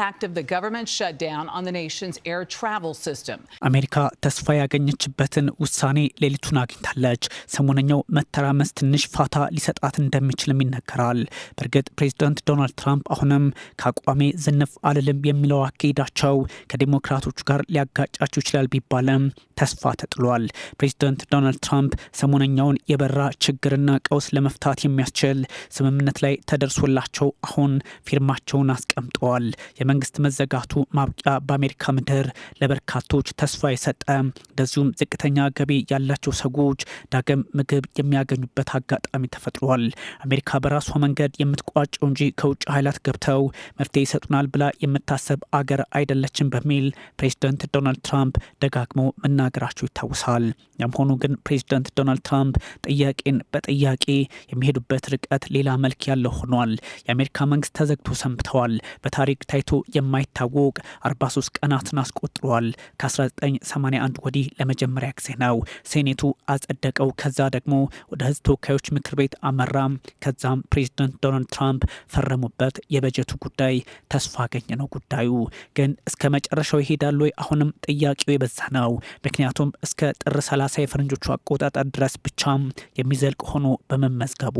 impact of the government shutdown on the nation's air travel system. አሜሪካ ተስፋ ያገኘችበትን ውሳኔ ሌሊቱን አግኝታለች። ሰሞነኛው መተራመስ ትንሽ ፋታ ሊሰጣት እንደሚችልም ይነገራል። በእርግጥ ፕሬዚዳንት ዶናልድ ትራምፕ አሁንም ከአቋሜ ዝንፍ አልልም የሚለው አካሄዳቸው ከዴሞክራቶቹ ጋር ሊያጋጫቸው ይችላል ቢባልም ተስፋ ተጥሏል። ፕሬዚደንት ዶናልድ ትራምፕ ሰሞነኛውን የበራ ችግርና ቀውስ ለመፍታት የሚያስችል ስምምነት ላይ ተደርሶላቸው አሁን ፊርማቸውን አስቀምጠዋል። የመንግስት መዘጋቱ ማብቂያ በአሜሪካ ምድር ለበርካቶች ተስፋ የሰጠ እንደዚሁም ዝቅተኛ ገቢ ያላቸው ሰዎች ዳግም ምግብ የሚያገኙበት አጋጣሚ ተፈጥሯል። አሜሪካ በራሷ መንገድ የምትቋጨው እንጂ ከውጭ ኃይላት ገብተው መፍትሄ ይሰጡናል ብላ የምታሰብ አገር አይደለችም በሚል ፕሬዚደንት ዶናልድ ትራምፕ ደጋግመው መናገ መናገራቸው ይታወሳል። ያም ሆኖ ግን ፕሬዚደንት ዶናልድ ትራምፕ ጥያቄን በጥያቄ የሚሄዱበት ርቀት ሌላ መልክ ያለው ሆኗል። የአሜሪካ መንግስት ተዘግቶ ሰንብተዋል። በታሪክ ታይቶ የማይታወቅ 43 ቀናትን አስቆጥሯል። ከ1981 ወዲህ ለመጀመሪያ ጊዜ ነው። ሴኔቱ አጸደቀው። ከዛ ደግሞ ወደ ህዝብ ተወካዮች ምክር ቤት አመራም። ከዛም ፕሬዚደንት ዶናልድ ትራምፕ ፈረሙበት። የበጀቱ ጉዳይ ተስፋ አገኘ ነው ጉዳዩ። ግን እስከ መጨረሻው ይሄዳሉ። አሁንም ጥያቄው የበዛ ነው። ምክንያቱም እስከ ጥር 30 የፈረንጆቹ አቆጣጠር ድረስ ብቻ የሚዘልቅ ሆኖ በመመዝገቡ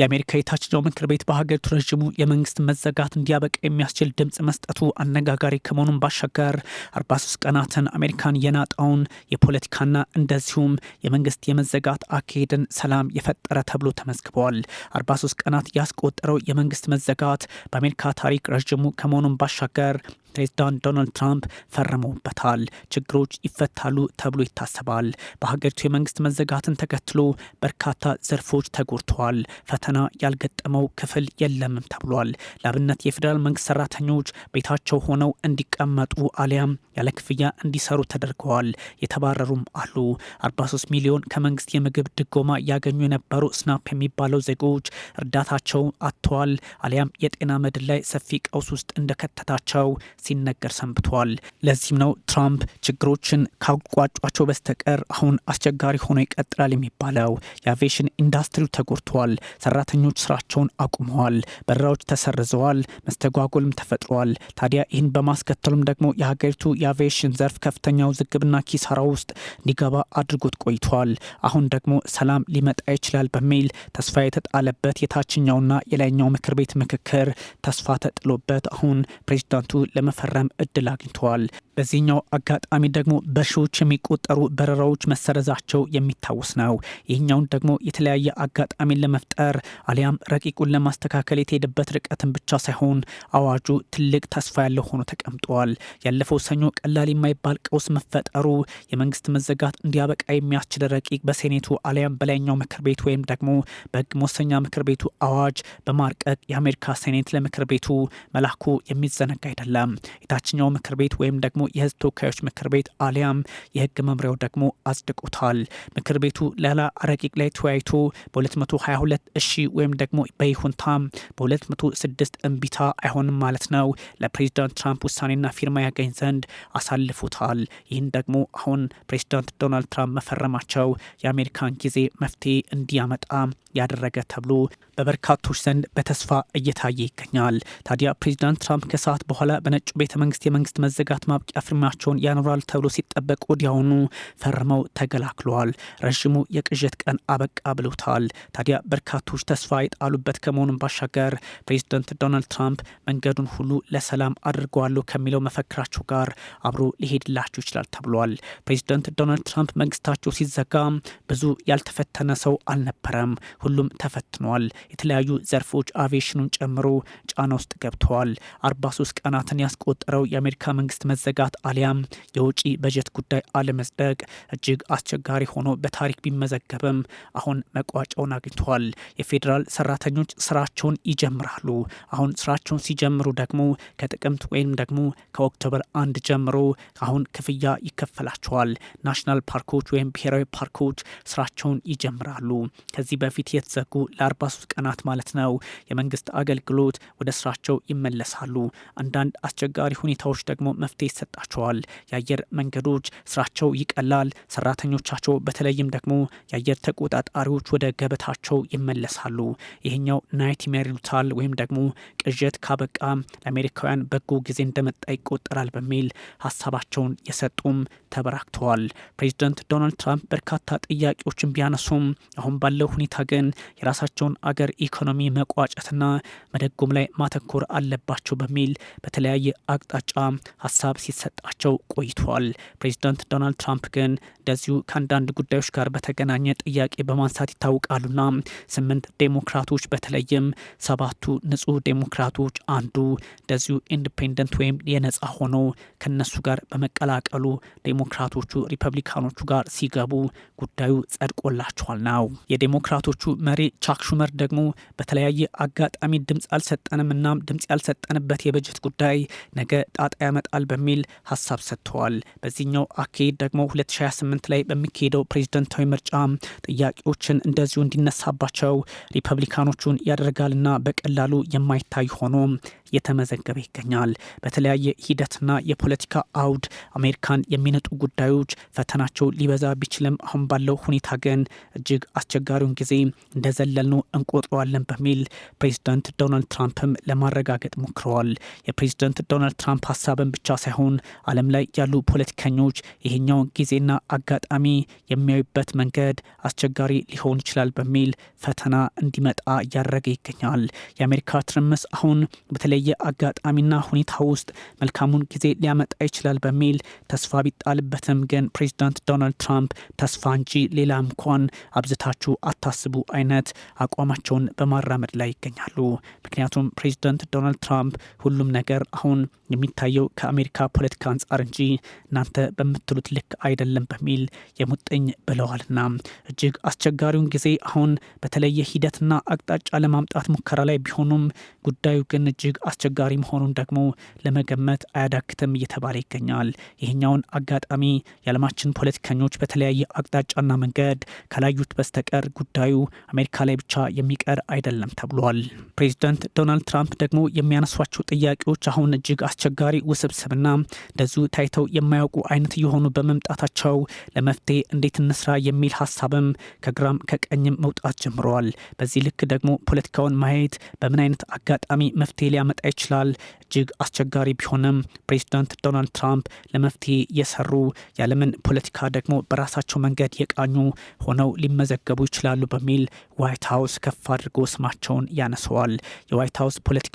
የአሜሪካ የታችኛው ምክር ቤት በሀገሪቱ ረዥሙ የመንግስት መዘጋት እንዲያበቃ የሚያስችል ድምፅ መስጠቱ አነጋጋሪ ከመሆኑን ባሻገር 43 ቀናትን አሜሪካን የናጣውን የፖለቲካና እንደዚሁም የመንግስት የመዘጋት አካሄድን ሰላም የፈጠረ ተብሎ ተመዝግቧል። 43 ቀናት ያስቆጠረው የመንግስት መዘጋት በአሜሪካ ታሪክ ረዥሙ ከመሆኑን ባሻገር ፕሬዚዳንት ዶናልድ ትራምፕ ፈርመውበታል። ችግሮች ይፈታሉ ተብሎ ይታሰባል። በሀገሪቱ የመንግስት መዘጋትን ተከትሎ በርካታ ዘርፎች ተጎድተዋል። ፈተና ያልገጠመው ክፍል የለምም ተብሏል። ለአብነት የፌዴራል መንግስት ሰራተኞች ቤታቸው ሆነው እንዲቀመጡ አሊያም ያለ ክፍያ እንዲሰሩ ተደርገዋል። የተባረሩም አሉ። 43 ሚሊዮን ከመንግስት የምግብ ድጎማ ያገኙ የነበሩ ስናፕ የሚባለው ዜጎች እርዳታቸውን አጥተዋል አሊያም የጤና መድን ላይ ሰፊ ቀውስ ውስጥ እንደከተታቸው ሲነገር ሰንብተዋል። ለዚህም ነው ትራምፕ ችግሮችን ካቋጯቸው በስተቀር አሁን አስቸጋሪ ሆኖ ይቀጥላል የሚባለው። የአቪዬሽን ኢንዱስትሪው ተጎድተዋል። ሰራተኞች ስራቸውን አቁመዋል። በረራዎች ተሰርዘዋል። መስተጓጎልም ተፈጥሯል። ታዲያ ይህን በማስከተሉም ደግሞ የሀገሪቱ የአቪዬሽን ዘርፍ ከፍተኛ ውዝግብና ኪሳራ ውስጥ እንዲገባ አድርጎት ቆይቷል። አሁን ደግሞ ሰላም ሊመጣ ይችላል በሚል ተስፋ የተጣለበት የታችኛውና የላይኛው ምክር ቤት ምክክር ተስፋ ተጥሎበት አሁን ፕሬዚዳንቱ ለመ ለመፈረም እድል አግኝተዋል። በዚህኛው አጋጣሚ ደግሞ በሺዎች የሚቆጠሩ በረራዎች መሰረዛቸው የሚታወስ ነው። ይህኛውን ደግሞ የተለያየ አጋጣሚን ለመፍጠር አሊያም ረቂቁን ለማስተካከል የተሄደበት ርቀትን ብቻ ሳይሆን አዋጁ ትልቅ ተስፋ ያለው ሆኖ ተቀምጧል። ያለፈው ሰኞ ቀላል የማይባል ቀውስ መፈጠሩ የመንግስት መዘጋት እንዲያበቃ የሚያስችል ረቂቅ በሴኔቱ አሊያም በላይኛው ምክር ቤት ወይም ደግሞ በህግ መወሰኛ ምክር ቤቱ አዋጅ በማርቀቅ የአሜሪካ ሴኔት ለምክር ቤቱ መላኩ የሚዘነጋ አይደለም። የታችኛው ምክር ቤት ወይም ደግሞ ደግሞ የህዝብ ተወካዮች ምክር ቤት አሊያም የህግ መምሪያው ደግሞ አጽድቆታል። ምክር ቤቱ ሌላ ረቂቅ ላይ ተወያይቶ በ222 እሺ ወይም ደግሞ በይሁንታ በ206 እምቢታ አይሆንም ማለት ነው ለፕሬዚዳንት ትራምፕ ውሳኔና ፊርማ ያገኝ ዘንድ አሳልፉታል። ይህን ደግሞ አሁን ፕሬዚዳንት ዶናልድ ትራምፕ መፈረማቸው የአሜሪካን ጊዜ መፍትሄ እንዲያመጣ ያደረገ ተብሎ በበርካቶች ዘንድ በተስፋ እየታየ ይገኛል። ታዲያ ፕሬዚዳንት ትራምፕ ከሰዓት በኋላ በነጩ ቤተ መንግስት የመንግስት መዘጋት ማብቂያ ፊርማቸውን ያኖራል ተብሎ ሲጠበቅ ወዲያውኑ ፈርመው ተገላክለዋል። ረዥሙ የቅዠት ቀን አበቃ ብለውታል። ታዲያ በርካቶች ተስፋ የጣሉበት ከመሆኑን ባሻገር ፕሬዚደንት ዶናልድ ትራምፕ መንገዱን ሁሉ ለሰላም አድርገዋለሁ ከሚለው መፈክራቸው ጋር አብሮ ሊሄድላቸው ይችላል ተብሏል። ፕሬዚደንት ዶናልድ ትራምፕ መንግስታቸው ሲዘጋ ብዙ ያልተፈተነ ሰው አልነበረም። ሁሉም ተፈትኗል። የተለያዩ ዘርፎች አቪዬሽኑን ጨምሮ ጫና ውስጥ ገብተዋል። 43 ቀናትን ያስቆጠረው የአሜሪካ መንግስት መዘጋት አሊያም የውጪ በጀት ጉዳይ አለመጽደቅ እጅግ አስቸጋሪ ሆኖ በታሪክ ቢመዘገብም አሁን መቋጫውን አግኝቷል። የፌዴራል ሰራተኞች ስራቸውን ይጀምራሉ። አሁን ስራቸውን ሲጀምሩ ደግሞ ከጥቅምት ወይም ደግሞ ከኦክቶበር አንድ ጀምሮ አሁን ክፍያ ይከፈላቸዋል። ናሽናል ፓርኮች ወይም ብሔራዊ ፓርኮች ስራቸውን ይጀምራሉ። ከዚህ በፊት የተዘጉ ለ43 ቀናት ማለት ነው የመንግስት አገልግሎት ወደ ስራቸው ይመለሳሉ። አንዳንድ አስቸጋሪ ሁኔታዎች ደግሞ መፍትሄ ይሰጣቸዋል። የአየር መንገዶች ስራቸው ይቀላል። ሰራተኞቻቸው በተለይም ደግሞ የአየር ተቆጣጣሪዎች ወደ ገበታቸው ይመለሳሉ። ይህኛው ናይት ይሉታል ወይም ደግሞ ቅዠት ካበቃ ለአሜሪካውያን በጎ ጊዜ እንደመጣ ይቆጠራል በሚል ሀሳባቸውን የሰጡም ተበራክተዋል። ፕሬዚደንት ዶናልድ ትራምፕ በርካታ ጥያቄዎችን ቢያነሱም አሁን ባለው ሁኔታ ግን የራሳቸውን አገር ኢኮኖሚ መቋጨትና መደጎም ላይ ማተኮር አለባቸው በሚል በተለያየ አቅጣጫ ሀሳብ ሲሰጣቸው ቆይቷል። ፕሬዚደንት ዶናልድ ትራምፕ ግን እንደዚሁ ከአንዳንድ ጉዳዮች ጋር በተገናኘ ጥያቄ በማንሳት ይታወቃሉና ስምንት ዴሞክራቶች በተለይም ሰባቱ ንጹህ ዴሞክራቶች አንዱ እንደዚሁ ኢንዲፔንደንት ወይም የነጻ ሆኖ ከነሱ ጋር በመቀላቀሉ ዴሞክራቶቹ ሪፐብሊካኖቹ ጋር ሲገቡ ጉዳዩ ጸድቆላቸዋል ነው። የዴሞክራቶቹ መሪ ቻክ ሹመር ደግሞ በተለያየ አጋጣሚ ድምፅ አልሰጠንም፣ እናም ድምፅ ያልሰጠንበት የበጀት ጉዳይ ነገ ጣጣ ያመጣል በሚል ሀሳብ ሰጥተዋል። በዚህኛው አካሄድ ደግሞ 2028 ላይ በሚካሄደው ፕሬዝደንታዊ ምርጫ ጥያቄዎችን እንደዚሁ እንዲነሳባቸው ሪፐብሊካኖቹን ያደርጋልና በቀላሉ የማይታይ ሆኖ እየተመዘገበ ይገኛል። በተለያየ ሂደትና የፖለቲካ አውድ አሜሪካን የሚነጡ ጉዳዮች ፈተናቸው ሊበዛ ቢችልም አሁን ባለው ሁኔታ ግን እጅግ አስቸጋሪውን ጊዜ እንደዘለልነው እንቆጥረዋለን በሚል ፕሬዚደንት ዶናልድ ትራምፕም ለማረጋገጥ ሞክረዋል። የፕሬዚደንት ዶናልድ ትራምፕ ሀሳብን ብቻ ሳይሆን ዓለም ላይ ያሉ ፖለቲከኞች ይህኛውን ጊዜና አጋጣሚ የሚያዩበት መንገድ አስቸጋሪ ሊሆን ይችላል በሚል ፈተና እንዲመጣ እያደረገ ይገኛል። የአሜሪካ ትርምስ አሁን በተለይ በተለየ አጋጣሚና ሁኔታ ውስጥ መልካሙን ጊዜ ሊያመጣ ይችላል በሚል ተስፋ ቢጣልበትም ግን ፕሬዚዳንት ዶናልድ ትራምፕ ተስፋ እንጂ ሌላ እንኳን አብዝታችሁ አታስቡ አይነት አቋማቸውን በማራመድ ላይ ይገኛሉ። ምክንያቱም ፕሬዚዳንት ዶናልድ ትራምፕ ሁሉም ነገር አሁን የሚታየው ከአሜሪካ ፖለቲካ አንጻር እንጂ እናንተ በምትሉት ልክ አይደለም በሚል የሙጥኝ ብለዋልና እጅግ አስቸጋሪውን ጊዜ አሁን በተለየ ሂደትና አቅጣጫ ለማምጣት ሙከራ ላይ ቢሆኑም ጉዳዩ ግን እጅግ አስቸጋሪ መሆኑን ደግሞ ለመገመት አያዳክትም እየተባለ ይገኛል። ይህኛውን አጋጣሚ የዓለማችን ፖለቲከኞች በተለያየ አቅጣጫና መንገድ ከላዩት በስተቀር ጉዳዩ አሜሪካ ላይ ብቻ የሚቀር አይደለም ተብሏል። ፕሬዚደንት ዶናልድ ትራምፕ ደግሞ የሚያነሷቸው ጥያቄዎች አሁን እጅግ አስቸጋሪ፣ ውስብስብና እንደዚሁ ታይተው የማያውቁ አይነት የሆኑ በመምጣታቸው ለመፍትሄ እንዴት እንስራ የሚል ሀሳብም ከግራም ከቀኝም መውጣት ጀምረዋል። በዚህ ልክ ደግሞ ፖለቲካውን ማየት በምን አይነት አጋጣሚ መፍትሄ ሊያመጣ ይችላል እጅግ አስቸጋሪ ቢሆንም ፕሬዚዳንት ዶናልድ ትራምፕ ለመፍትሄ የሰሩ የዓለምን ፖለቲካ ደግሞ በራሳቸው መንገድ የቃኙ ሆነው ሊመዘገቡ ይችላሉ በሚል ዋይት ሀውስ ከፍ አድርጎ ስማቸውን ያነሰዋል። የዋይት ሀውስ ፖለቲካ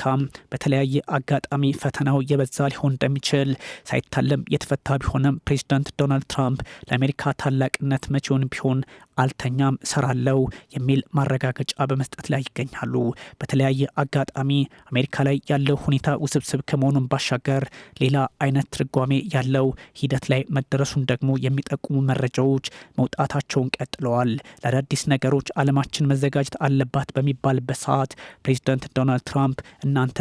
በተለያየ አጋጣሚ ፈተናው የበዛ ሊሆን እንደሚችል ሳይታለም የተፈታ ቢሆንም ፕሬዚዳንት ዶናልድ ትራምፕ ለአሜሪካ ታላቅነት መቼውን ቢሆን አልተኛም፣ እሰራለሁ የሚል ማረጋገጫ በመስጠት ላይ ይገኛሉ። በተለያየ አጋጣሚ አሜሪካ ላይ ያለው ሁኔታ ውስብስብ ከመሆኑን ባሻገር ሌላ አይነት ትርጓሜ ያለው ሂደት ላይ መደረሱን ደግሞ የሚጠቁሙ መረጃዎች መውጣታቸውን ቀጥለዋል። ለአዳዲስ ነገሮች አለማችን መዘጋጀት አለባት በሚባልበት ሰዓት ፕሬዚደንት ዶናልድ ትራምፕ እናንተ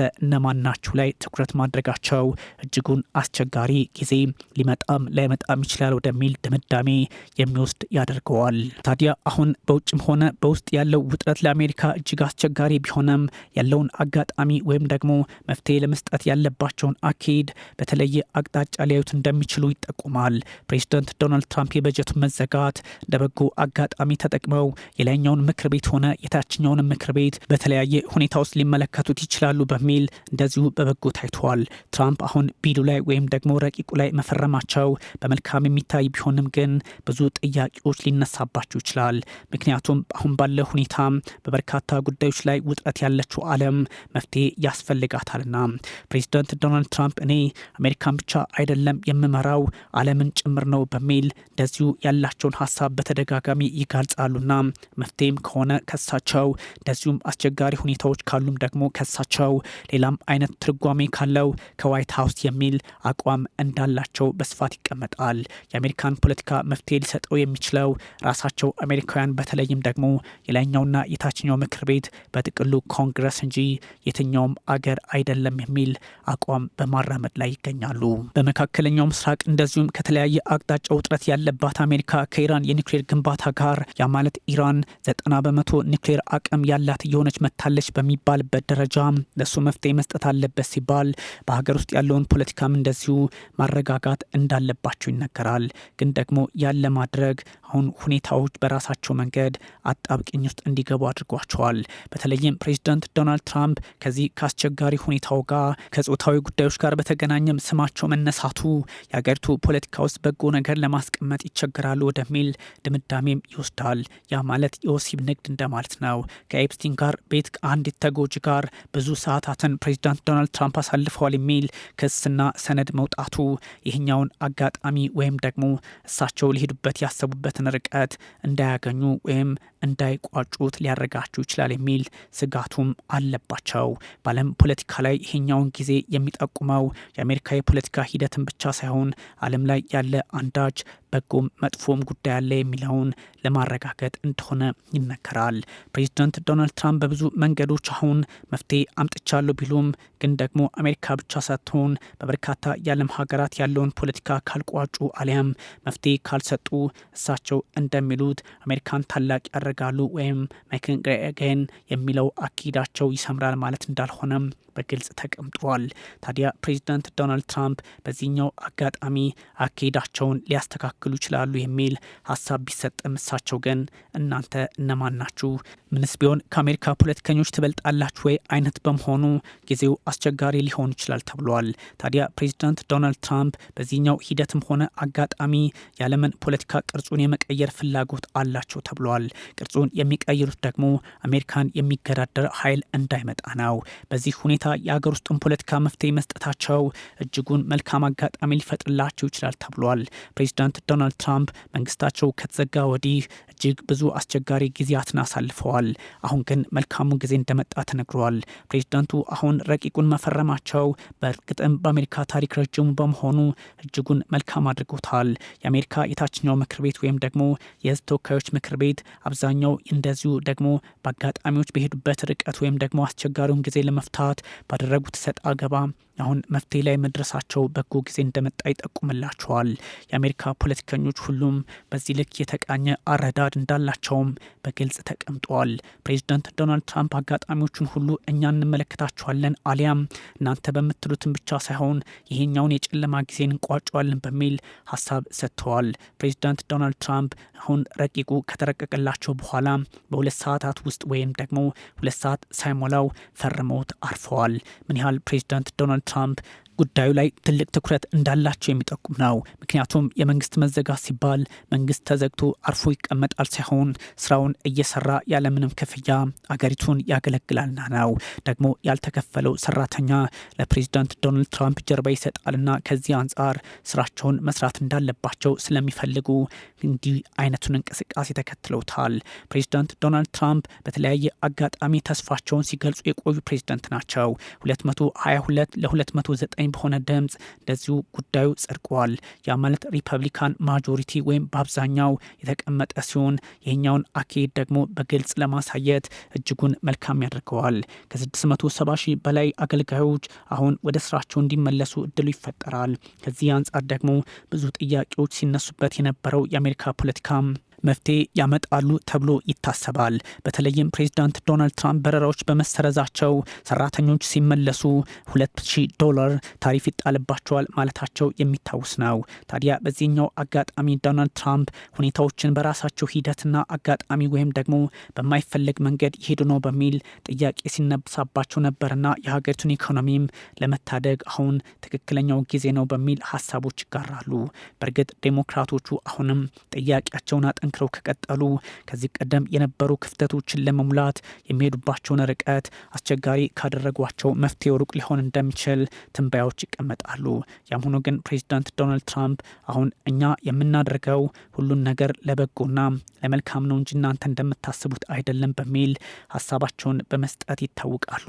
ናችሁ ላይ ትኩረት ማድረጋቸው እጅጉን አስቸጋሪ ጊዜ ሊመጣም ላይመጣም ይችላል ወደሚል ድምዳሜ የሚወስድ ያደርገዋል። ታዲያ አሁን በውጭም ሆነ በውስጥ ያለው ውጥረት ለአሜሪካ እጅግ አስቸጋሪ ቢሆንም ያለውን አጋጣሚ ወይም ደግሞ መፍትሄ ለመስጠት ያለባቸውን አካሄድ በተለየ አቅጣጫ ሊያዩት እንደሚችሉ ይጠቁማል። ፕሬዚደንት ዶናልድ ትራምፕ የበጀቱን መዘጋት እንደ በጎ አጋጣሚ ተጠቅመው የላይኛውን ምክር ቤት ሆነ የታችኛውን ምክር ቤት በተለያየ ሁኔታ ውስጥ ሊመለከቱት ይችላሉ በሚል እንደዚሁ በበጎ ታይቷል። ትራምፕ አሁን ቢሉ ላይ ወይም ደግሞ ረቂቁ ላይ መፈረማቸው በመልካም የሚታይ ቢሆንም ግን ብዙ ጥያቄዎች ሊነሳባቸው ሊያዘጋጁ ይችላል። ምክንያቱም አሁን ባለ ሁኔታ በበርካታ ጉዳዮች ላይ ውጥረት ያለችው ዓለም መፍትሄ ያስፈልጋታልና ፕሬዚደንት ዶናልድ ትራምፕ እኔ አሜሪካን ብቻ አይደለም የምመራው ዓለምን ጭምር ነው በሚል እንደዚሁ ያላቸውን ሀሳብ በተደጋጋሚ ይጋልጻሉና መፍትሄም ከሆነ ከሳቸው እንደዚሁም አስቸጋሪ ሁኔታዎች ካሉም ደግሞ ከሳቸው ሌላም አይነት ትርጓሜ ካለው ከዋይት ሀውስ የሚል አቋም እንዳላቸው በስፋት ይቀመጣል። የአሜሪካን ፖለቲካ መፍትሄ ሊሰጠው የሚችለው ራሳቸው ያላቸው አሜሪካውያን በተለይም ደግሞ የላይኛውና የታችኛው ምክር ቤት በጥቅሉ ኮንግረስ እንጂ የትኛውም አገር አይደለም የሚል አቋም በማራመድ ላይ ይገኛሉ። በመካከለኛው ምስራቅ እንደዚሁም ከተለያየ አቅጣጫ ውጥረት ያለባት አሜሪካ ከኢራን የኒውክሌር ግንባታ ጋር ያ ማለት ኢራን ዘጠና በመቶ ኒውክሌር አቅም ያላት እየሆነች መታለች በሚባልበት ደረጃ ለእሱ መፍትሄ መስጠት አለበት ሲባል በሀገር ውስጥ ያለውን ፖለቲካም እንደዚሁ ማረጋጋት እንዳለባቸው ይነገራል። ግን ደግሞ ያለ ማድረግ አሁን ሁኔታዎች በራሳቸው መንገድ አጣብቅኝ ውስጥ እንዲገቡ አድርጓቸዋል። በተለይም ፕሬዚዳንት ዶናልድ ትራምፕ ከዚህ ከአስቸጋሪ ሁኔታው ጋር ከጾታዊ ጉዳዮች ጋር በተገናኘም ስማቸው መነሳቱ የሀገሪቱ ፖለቲካ ውስጥ በጎ ነገር ለማስቀመጥ ይቸገራሉ ወደሚል ድምዳሜም ይወስዳል። ያ ማለት የወሲብ ንግድ እንደማለት ነው። ከኤፕስቲን ጋር ቤት አንዲት ተጎጂ ጋር ብዙ ሰዓታትን ፕሬዚዳንት ዶናልድ ትራምፕ አሳልፈዋል የሚል ክስና ሰነድ መውጣቱ ይህኛውን አጋጣሚ ወይም ደግሞ እሳቸው ሊሄዱበት ያሰቡበት የሚደርሱበትን ርቀት እንዳያገኙ ወይም እንዳይቋጩት ሊያረጋቸው ይችላል የሚል ስጋቱም አለባቸው። በዓለም ፖለቲካ ላይ ይሄኛውን ጊዜ የሚጠቁመው የአሜሪካ የፖለቲካ ሂደትን ብቻ ሳይሆን ዓለም ላይ ያለ አንዳች በጎም መጥፎም ጉዳይ አለ የሚለውን ለማረጋገጥ እንደሆነ ይነገራል። ፕሬዚደንት ዶናልድ ትራምፕ በብዙ መንገዶች አሁን መፍትሄ አምጥቻለሁ ቢሉም ግን ደግሞ አሜሪካ ብቻ ሳትሆን በበርካታ የዓለም ሀገራት ያለውን ፖለቲካ ካልቋጩ አሊያም መፍትሄ ካልሰጡ እሳቸው ናቸው እንደሚሉት አሜሪካን ታላቅ ያደርጋሉ ወይም ሜክ ግሬት የሚለው አኪዳቸው ይሰምራል ማለት እንዳልሆነም በግልጽ ተቀምጧል። ታዲያ ፕሬዚዳንት ዶናልድ ትራምፕ በዚህኛው አጋጣሚ አካሄዳቸውን ሊያስተካክሉ ይችላሉ የሚል ሀሳብ ቢሰጥም እሳቸው ግን እናንተ እነማን ናችሁ? ምንስ ቢሆን ከአሜሪካ ፖለቲከኞች ትበልጣላችሁ ወይ አይነት በመሆኑ ጊዜው አስቸጋሪ ሊሆን ይችላል ተብሏል። ታዲያ ፕሬዚዳንት ዶናልድ ትራምፕ በዚህኛው ሂደትም ሆነ አጋጣሚ የዓለምን ፖለቲካ ቅርጹን የመቀየር ፍላጎት አላቸው ተብሏል። ቅርጹን የሚቀይሩት ደግሞ አሜሪካን የሚገዳደር ኃይል እንዳይመጣ ነው። በዚህ ሁኔታ የአገር ውስጡን ፖለቲካ መፍትሄ መስጠታቸው እጅጉን መልካም አጋጣሚ ሊፈጥርላቸው ይችላል ተብሏል። ፕሬዚዳንት ዶናልድ ትራምፕ መንግስታቸው ከተዘጋ ወዲህ እጅግ ብዙ አስቸጋሪ ጊዜያትን አሳልፈዋል። አሁን ግን መልካሙ ጊዜ እንደመጣ ተነግሯል። ፕሬዚዳንቱ አሁን ረቂቁን መፈረማቸው በእርግጥም በአሜሪካ ታሪክ ረጅሙ በመሆኑ እጅጉን መልካም አድርጎታል። የአሜሪካ የታችኛው ምክር ቤት ወይም ደግሞ የህዝብ ተወካዮች ምክር ቤት አብዛኛው እንደዚሁ ደግሞ በአጋጣሚዎች በሄዱበት ርቀት ወይም ደግሞ አስቸጋሪውን ጊዜ ለመፍታት ባደረጉት ሰጥ አገባ አሁን መፍትሄ ላይ መድረሳቸው በጎ ጊዜ እንደመጣ ይጠቁምላቸዋል። የአሜሪካ ፖለቲከኞች ሁሉም በዚህ ልክ የተቃኘ አረዳድ እንዳላቸውም በግልጽ ተቀምጠዋል። ፕሬዚዳንት ዶናልድ ትራምፕ አጋጣሚዎቹን ሁሉ እኛ እንመለከታቸዋለን አሊያም እናንተ በምትሉትን ብቻ ሳይሆን ይሄኛውን የጨለማ ጊዜን እንቋጨዋለን በሚል ሀሳብ ሰጥተዋል። ፕሬዚዳንት ዶናልድ ትራምፕ አሁን ረቂቁ ከተረቀቀላቸው በኋላ በሁለት ሰዓታት ውስጥ ወይም ደግሞ ሁለት ሰዓት ሳይሞላው ፈርመውት አርፈዋል። ምን ያህል ፕሬዚዳንት ዶናልድ Trump ጉዳዩ ላይ ትልቅ ትኩረት እንዳላቸው የሚጠቁም ነው። ምክንያቱም የመንግስት መዘጋት ሲባል መንግስት ተዘግቶ አርፎ ይቀመጣል ሳይሆን ስራውን እየሰራ ያለምንም ክፍያ አገሪቱን ያገለግላልና ነው። ደግሞ ያልተከፈለው ሰራተኛ ለፕሬዚዳንት ዶናልድ ትራምፕ ጀርባ ይሰጣልና ከዚህ አንጻር ስራቸውን መስራት እንዳለባቸው ስለሚፈልጉ እንዲህ አይነቱን እንቅስቃሴ ተከትለውታል። ፕሬዚዳንት ዶናልድ ትራምፕ በተለያየ አጋጣሚ ተስፋቸውን ሲገልጹ የቆዩ ፕሬዚደንት ናቸው 222 ለ209 ዘጠኝ በሆነ ድምፅ እንደዚሁ ጉዳዩ ጸድቋል። ያ ማለት ሪፐብሊካን ማጆሪቲ ወይም በአብዛኛው የተቀመጠ ሲሆን ይህኛውን አካሄድ ደግሞ በግልጽ ለማሳየት እጅጉን መልካም ያደርገዋል። ከ670 ሺህ በላይ አገልጋዮች አሁን ወደ ስራቸው እንዲመለሱ እድሉ ይፈጠራል። ከዚህ አንጻር ደግሞ ብዙ ጥያቄዎች ሲነሱበት የነበረው የአሜሪካ ፖለቲካ መፍትሄ ያመጣሉ ተብሎ ይታሰባል። በተለይም ፕሬዚዳንት ዶናልድ ትራምፕ በረራዎች በመሰረዛቸው ሰራተኞች ሲመለሱ 2000 ዶላር ታሪፍ ይጣልባቸዋል ማለታቸው የሚታወስ ነው። ታዲያ በዚህኛው አጋጣሚ ዶናልድ ትራምፕ ሁኔታዎችን በራሳቸው ሂደትና አጋጣሚ ወይም ደግሞ በማይፈለግ መንገድ ይሄዱ ነው በሚል ጥያቄ ሲነሳባቸው ነበርና የሀገሪቱን ኢኮኖሚም ለመታደግ አሁን ትክክለኛው ጊዜ ነው በሚል ሀሳቦች ይጋራሉ። በእርግጥ ዴሞክራቶቹ አሁንም ጥያቄያቸውን አጠንክ ተጠናክረው ከቀጠሉ ከዚህ ቀደም የነበሩ ክፍተቶችን ለመሙላት የሚሄዱባቸውን ርቀት አስቸጋሪ ካደረጓቸው መፍትሄው ሩቅ ሊሆን እንደሚችል ትንበያዎች ይቀመጣሉ። ያም ሆኖ ግን ፕሬዚዳንት ዶናልድ ትራምፕ አሁን እኛ የምናደርገው ሁሉን ነገር ለበጎና ለመልካም ነው እንጂ እናንተ እንደምታስቡት አይደለም በሚል ሀሳባቸውን በመስጠት ይታወቃሉ።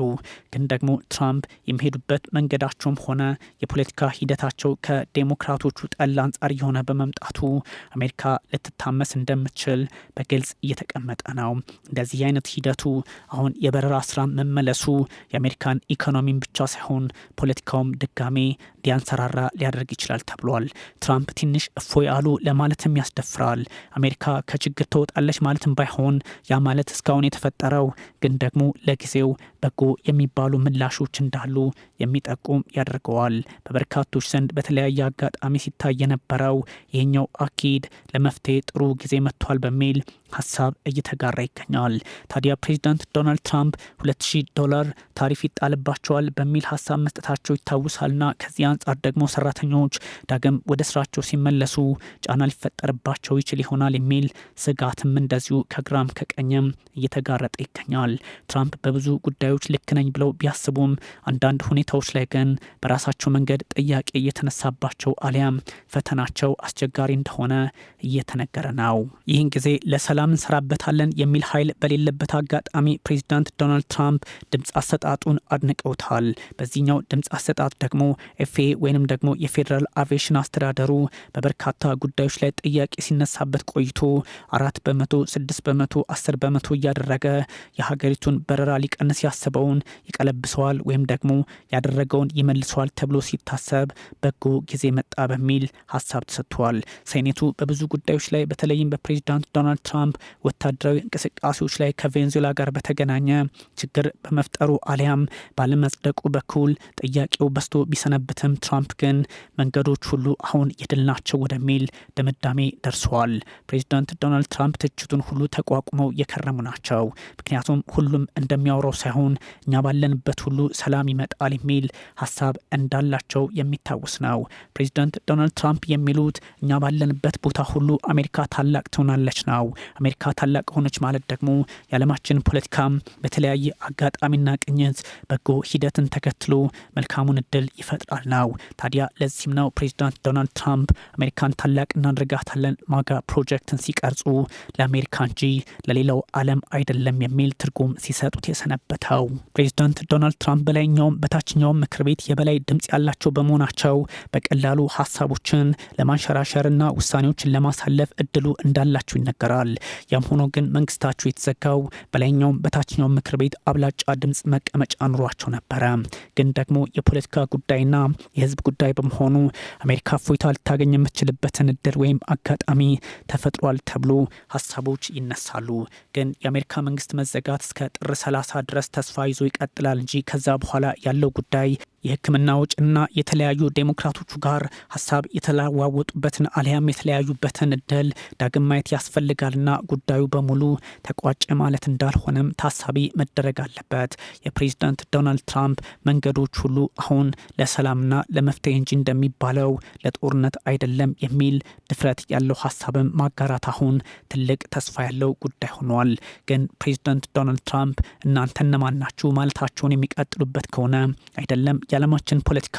ግን ደግሞ ትራምፕ የሚሄዱበት መንገዳቸውም ሆነ የፖለቲካ ሂደታቸው ከዴሞክራቶቹ ጠል አንጻር የሆነ በመምጣቱ አሜሪካ ልትታመስ እንደምችል በግልጽ እየተቀመጠ ነው። እንደዚህ አይነት ሂደቱ አሁን የበረራ ስራ መመለሱ የአሜሪካን ኢኮኖሚን ብቻ ሳይሆን ፖለቲካውም ድጋሜ እንዲያንሰራራ ሊያደርግ ይችላል ተብሏል። ትራምፕ ትንሽ እፎ ያሉ ለማለትም ያስደፍራል። አሜሪካ ከችግር ተወጣለች ማለትም ባይሆን ያ ማለት እስካሁን የተፈጠረው ግን ደግሞ ለጊዜው በጎ የሚባሉ ምላሾች እንዳሉ የሚጠቁም ያደርገዋል። በበርካቶች ዘንድ በተለያየ አጋጣሚ ሲታይ የነበረው ይህኛው አኪድ ለመፍትሄ ጥሩ ጊዜ መጥቷል በሚል ሀሳብ እየተጋራ ይገኛል። ታዲያ ፕሬዚዳንት ዶናልድ ትራምፕ 2000 ዶላር ታሪፍ ይጣልባቸዋል በሚል ሀሳብ መስጠታቸው ይታወሳልና ከዚህ አንጻር ደግሞ ሰራተኞች ዳግም ወደ ስራቸው ሲመለሱ ጫና ሊፈጠርባቸው ይችል ይሆናል የሚል ስጋትም እንደዚሁ ከግራም ከቀኝም እየተጋረጠ ይገኛል። ትራምፕ በብዙ ጉዳዮች ልክ ነኝ ብለው ቢያስቡም አንዳንድ ሁኔታዎች ላይ ግን በራሳቸው መንገድ ጥያቄ እየተነሳባቸው አሊያም ፈተናቸው አስቸጋሪ እንደሆነ እየተነገረ ነው። ይህን ጊዜ ለሰ ሰላም እንሰራበታለን የሚል ኃይል በሌለበት አጋጣሚ ፕሬዚዳንት ዶናልድ ትራምፕ ድምፅ አሰጣጡን አድንቀውታል። በዚህኛው ድምፅ አሰጣጥ ደግሞ ኤፍኤ ወይንም ደግሞ የፌዴራል አቪዬሽን አስተዳደሩ በበርካታ ጉዳዮች ላይ ጥያቄ ሲነሳበት ቆይቶ አራት በመቶ ስድስት በመቶ አስር በመቶ እያደረገ የሀገሪቱን በረራ ሊቀንስ ያስበውን ይቀለብሰዋል ወይም ደግሞ ያደረገውን ይመልሰዋል ተብሎ ሲታሰብ በጎ ጊዜ መጣ በሚል ሀሳብ ተሰጥቷል። ሴኔቱ በብዙ ጉዳዮች ላይ በተለይም በፕሬዚዳንት ዶናልድ ትራምፕ ትራምፕ ወታደራዊ እንቅስቃሴዎች ላይ ከቬንዙዌላ ጋር በተገናኘ ችግር በመፍጠሩ አሊያም ባለመጽደቁ በኩል ጥያቄው በስቶ ቢሰነብትም ትራምፕ ግን መንገዶች ሁሉ አሁን የድል ናቸው ወደሚል ድምዳሜ ደርሰዋል። ፕሬዚዳንት ዶናልድ ትራምፕ ትችቱን ሁሉ ተቋቁመው የከረሙ ናቸው። ምክንያቱም ሁሉም እንደሚያወራው ሳይሆን እኛ ባለንበት ሁሉ ሰላም ይመጣል የሚል ሀሳብ እንዳላቸው የሚታወስ ነው። ፕሬዚዳንት ዶናልድ ትራምፕ የሚሉት እኛ ባለንበት ቦታ ሁሉ አሜሪካ ታላቅ ትሆናለች ነው። አሜሪካ ታላቅ ሆነች ማለት ደግሞ የዓለማችን ፖለቲካ በተለያየ አጋጣሚና ቅኝት በጎ ሂደትን ተከትሎ መልካሙን እድል ይፈጥራል ነው። ታዲያ ለዚህም ነው ፕሬዚዳንት ዶናልድ ትራምፕ አሜሪካን ታላቅ እናደርጋታለን ማጋ ፕሮጀክትን ሲቀርጹ ለአሜሪካ እንጂ ለሌላው ዓለም አይደለም የሚል ትርጉም ሲሰጡት የሰነበተው። ፕሬዚዳንት ዶናልድ ትራምፕ በላይኛውም በታችኛውም ምክር ቤት የበላይ ድምፅ ያላቸው በመሆናቸው በቀላሉ ሀሳቦችን ለማንሸራሸርና ውሳኔዎችን ለማሳለፍ እድሉ እንዳላቸው ይነገራል። ያም ሆኖ ግን መንግስታቸው የተዘጋው በላይኛውም በታችኛው ምክር ቤት አብላጫ ድምፅ መቀመጫ ኑሯቸው ነበረ። ግን ደግሞ የፖለቲካ ጉዳይና የህዝብ ጉዳይ በመሆኑ አሜሪካ እፎይታ ልታገኝ የምትችልበትን እድል ወይም አጋጣሚ ተፈጥሯል ተብሎ ሀሳቦች ይነሳሉ። ግን የአሜሪካ መንግስት መዘጋት እስከ ጥር 30 ድረስ ተስፋ ይዞ ይቀጥላል እንጂ ከዛ በኋላ ያለው ጉዳይ የህክምና ወጪና የተለያዩ ዴሞክራቶቹ ጋር ሀሳብ የተለዋወጡበትን አሊያም የተለያዩበትን እድል ዳግም ማየት ያስፈልጋልና ጉዳዩ በሙሉ ተቋጨ ማለት እንዳልሆነም ታሳቢ መደረግ አለበት። የፕሬዚዳንት ዶናልድ ትራምፕ መንገዶች ሁሉ አሁን ለሰላምና ለመፍትሄ እንጂ እንደሚባለው ለጦርነት አይደለም የሚል ድፍረት ያለው ሀሳብም ማጋራት አሁን ትልቅ ተስፋ ያለው ጉዳይ ሆኗል። ግን ፕሬዚዳንት ዶናልድ ትራምፕ እናንተ እነማን ናችሁ ማለታቸውን የሚቀጥሉበት ከሆነ አይደለም የዓለማችን ፖለቲካ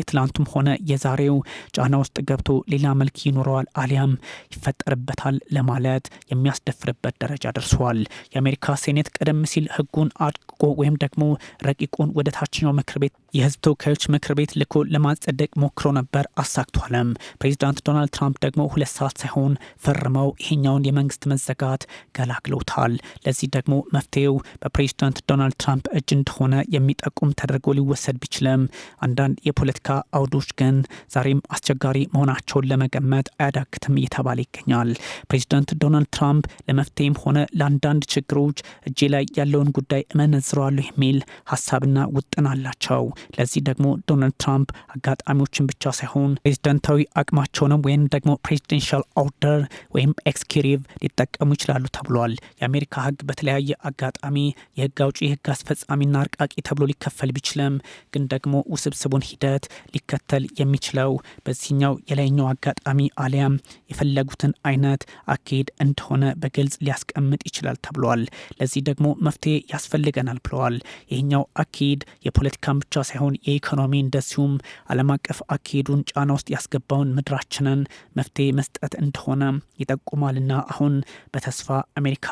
የትላንቱም ሆነ የዛሬው ጫና ውስጥ ገብቶ ሌላ መልክ ይኖረዋል አሊያም ይፈጠርበታል ለማለት የሚያስደፍርበት ደረጃ ደርሷል። የአሜሪካ ሴኔት ቀደም ሲል ህጉን አድቅቆ ወይም ደግሞ ረቂቁን ወደ ታችኛው ምክር ቤት የህዝብ ተወካዮች ምክር ቤት ልኮ ለማጸደቅ ሞክሮ ነበር፣ አሳክቷልም። ፕሬዚዳንት ዶናልድ ትራምፕ ደግሞ ሁለት ሰዓት ሳይሆን ፈርመው ይሄኛውን የመንግስት መዘጋት ገላግለውታል። ለዚህ ደግሞ መፍትሄው በፕሬዚዳንት ዶናልድ ትራምፕ እጅ እንደሆነ የሚጠቁም ተደርጎ ሊወሰድ ቢችልም አንዳንድ የፖለቲካ አውዶች ግን ዛሬም አስቸጋሪ መሆናቸውን ለመገመት አያዳግትም እየተባለ ይገኛል። ፕሬዚዳንት ዶናልድ ትራምፕ ለመፍትሄም ሆነ ለአንዳንድ ችግሮች እጄ ላይ ያለውን ጉዳይ እመነዝረዋለሁ የሚል ሀሳብና ውጥን አላቸው። ለዚህ ደግሞ ዶናልድ ትራምፕ አጋጣሚዎችን ብቻ ሳይሆን ፕሬዚደንታዊ አቅማቸውንም ወይም ደግሞ ፕሬዚደንሻል ኦርደር ወይም ኤክስኪሪቭ ሊጠቀሙ ይችላሉ ተብሏል። የአሜሪካ ህግ በተለያየ አጋጣሚ የህግ አውጪ፣ የህግ አስፈጻሚና አርቃቂ ተብሎ ሊከፈል ቢችልም ግን ደግሞ ውስብስቡን ሂደት ሊከተል የሚችለው በዚህኛው የላይኛው አጋጣሚ አሊያም የፈለጉትን አይነት አካሄድ እንደሆነ በግልጽ ሊያስቀምጥ ይችላል ተብሏል። ለዚህ ደግሞ መፍትሄ ያስፈልገናል ብለዋል። ይህኛው አካሄድ የፖለቲካን ብቻ ሳይሆን የኢኮኖሚ እንደዚሁም ዓለም አቀፍ አካሄዱን ጫና ውስጥ ያስገባውን ምድራችንን መፍትሄ መስጠት እንደሆነ ይጠቁማልና አሁን በተስፋ አሜሪካ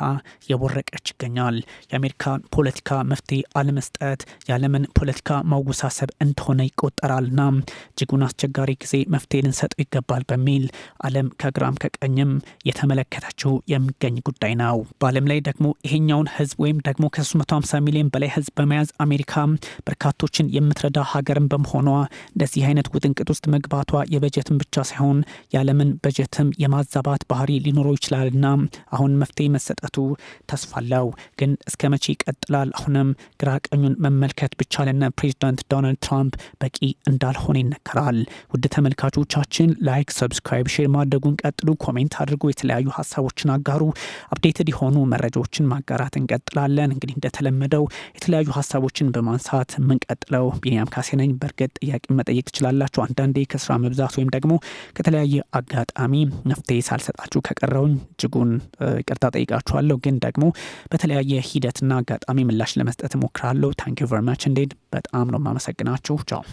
የቦረቀች ይገኛል። የአሜሪካን ፖለቲካ መፍትሄ አለመስጠት የዓለምን ፖለቲካ ማወሳሰብ እንደሆነ ይቆጠራልና እጅጉን አስቸጋሪ ጊዜ መፍትሄ ልንሰጠው ይገባል በሚል ዓለም ከግራም ከቀኝም የተመለከተችው የሚገኝ ጉዳይ ነው። በዓለም ላይ ደግሞ ይሄኛውን ህዝብ ወይም ደግሞ ከ350 ሚሊዮን በላይ ህዝብ በመያዝ አሜሪካ በርካቶችን የምትረዳ ሀገርም በመሆኗ እንደዚህ አይነት ውጥንቅጥ ውስጥ መግባቷ የበጀትን ብቻ ሳይሆን የዓለምን በጀትም የማዛባት ባህሪ ሊኖረው ይችላልና አሁን መፍትሄ መሰጠቱ ተስፋ አለው። ግን እስከ መቼ ይቀጥላል? አሁንም ግራ ቀኙን መመልከት ብቻለና ፕሬዚዳንት ዶናልድ ትራምፕ በቂ እንዳልሆነ ይነገራል። ውድ ተመልካቾቻችን ላይክ፣ ሰብስክራይብ፣ ሼር ማድረጉን ቀጥሉ። ኮሜንት አድርጎ የተለያዩ ሀሳቦችን አጋሩ። አፕዴትድ የሆኑ መረጃዎችን ማጋራት እንቀጥላለን። እንግዲህ እንደተለመደው የተለያዩ ሀሳቦችን በማንሳት የምንቀጥለው ቢኒያም ካሴ ነኝ። በእርግጥ ጥያቄ መጠየቅ ትችላላችሁ። አንዳንዴ ከስራ መብዛት ወይም ደግሞ ከተለያየ አጋጣሚ መፍትሄ ሳልሰጣችሁ ከቀረውኝ እጅጉን ይቅርታ ጠይቃችኋለሁ። ግን ደግሞ በተለያየ ሂደትና አጋጣሚ ምላሽ ለመስጠት እሞክራለሁ። ታንክ ዩ ቨሪ ማች እንዴድ በጣም ነው የማመሰግናችሁ። ቻው